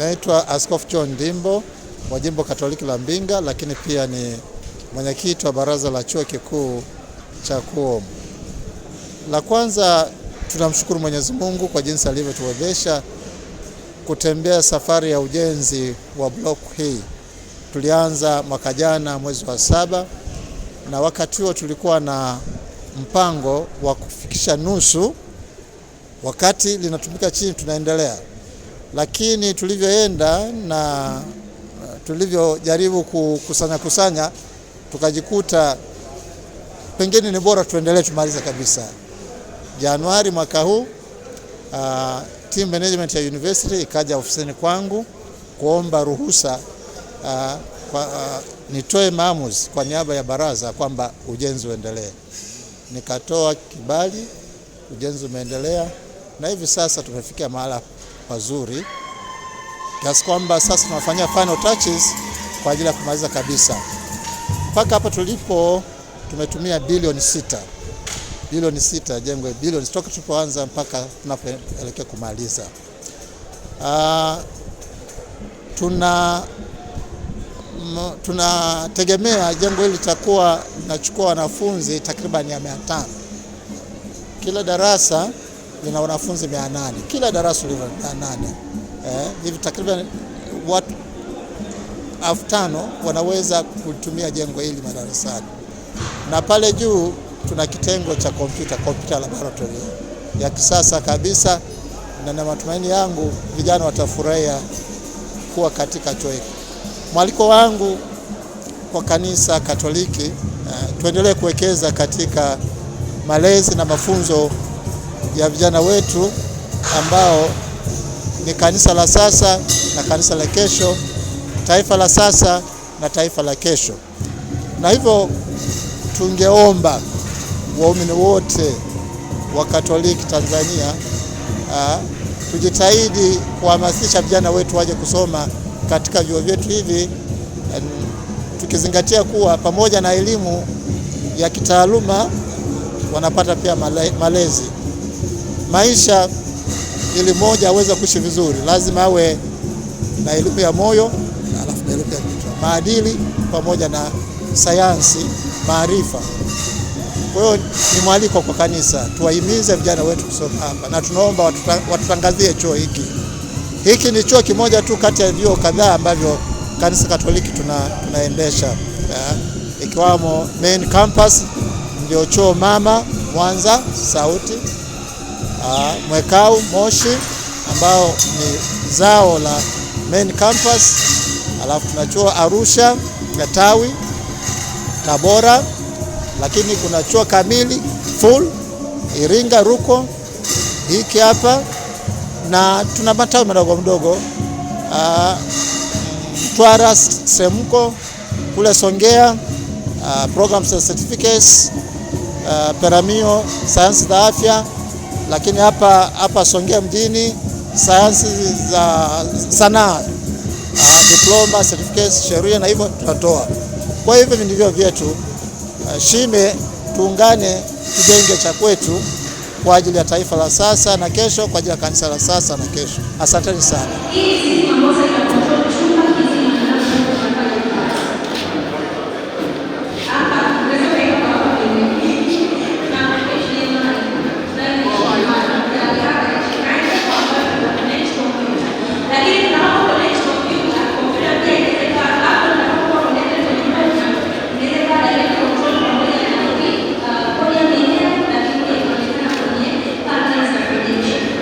Naitwa Askofu John Ndimbo wa Jimbo Katoliki la Mbinga, lakini pia ni mwenyekiti wa baraza la chuo kikuu cha Kuomu. La kwanza tunamshukuru Mwenyezi Mungu kwa jinsi alivyotuwezesha kutembea safari ya ujenzi wa block hii. Tulianza mwaka jana mwezi wa saba, na wakati huo tulikuwa na mpango wa kufikisha nusu. Wakati linatumika chini, tunaendelea lakini tulivyoenda na tulivyojaribu kukusanya kusanya, tukajikuta pengine ni bora tuendelee tumalize kabisa. Januari mwaka huu uh, team management ya university ikaja ofisini kwangu kuomba ruhusa uh, kwa, uh, nitoe maamuzi kwa niaba ya baraza kwamba ujenzi uendelee. Nikatoa kibali, ujenzi umeendelea na hivi sasa tumefikia mahala pazuri kiasi kwamba sasa tunafanyia final touches kwa ajili ya kumaliza kabisa. Mpaka hapa tulipo tumetumia bilioni sita bilioni sita jengwe bilioni toka tulipoanza mpaka tunapoelekea kumaliza. Uh, tuna tunategemea jengo hili litakuwa linachukua wanafunzi takriban ya mia tano kila darasa lina wanafunzi 800 kila darasa lina 800 eh, hivi takriban watu elfu tano wanaweza kutumia jengo hili madarasani, na pale juu tuna kitengo cha kompyuta, kompyuta laboratory ya kisasa kabisa, na na matumaini yangu vijana watafurahia kuwa katika chuo hiki. Mwaliko wangu kwa kanisa Katoliki, uh, tuendelee kuwekeza katika malezi na mafunzo ya vijana wetu ambao ni kanisa la sasa na kanisa la kesho, taifa la sasa na taifa la kesho. Na hivyo tungeomba waumini wote wa Katoliki Tanzania a, ah, tujitahidi kuhamasisha vijana wetu waje kusoma katika vyuo vyetu hivi, tukizingatia kuwa pamoja na elimu ya kitaaluma wanapata pia malezi maisha, ili mmoja aweze kuishi vizuri, lazima awe na elimu ya moyo na alafu na elimu ya kichwa, maadili pamoja na sayansi, maarifa. Kwa hiyo ni mwaliko kwa kanisa, tuwahimize vijana wetu kusoma hapa, na tunaomba watutangazie chuo hiki. Hiki ni chuo kimoja tu kati ya vyuo kadhaa ambavyo kanisa Katoliki tuna, tunaendesha eh, ikiwamo main campus ndio chuo mama Mwanza Sauti Ah, mwekau moshi ambao ni zao la main campus, alafu tuna chuo Arusha Gatawi, Tabora, lakini kuna chuo kamili full Iringa Ruko hiki hapa, na tuna matawi madogo mdogo uh, ah, Mtwara Semko kule Songea, uh, programs and certificates uh, Peramio sayansi za afya lakini hapa hapa Songea mjini sayansi za sanaa ah, diploma, certificate sheria na hivyo tutatoa. Kwa hivyo ndivyo vyetu ah, shime, tuungane tujenge cha kwetu kwa ajili ya taifa la sasa na kesho, kwa ajili ya kanisa la sasa na kesho. Asanteni sana.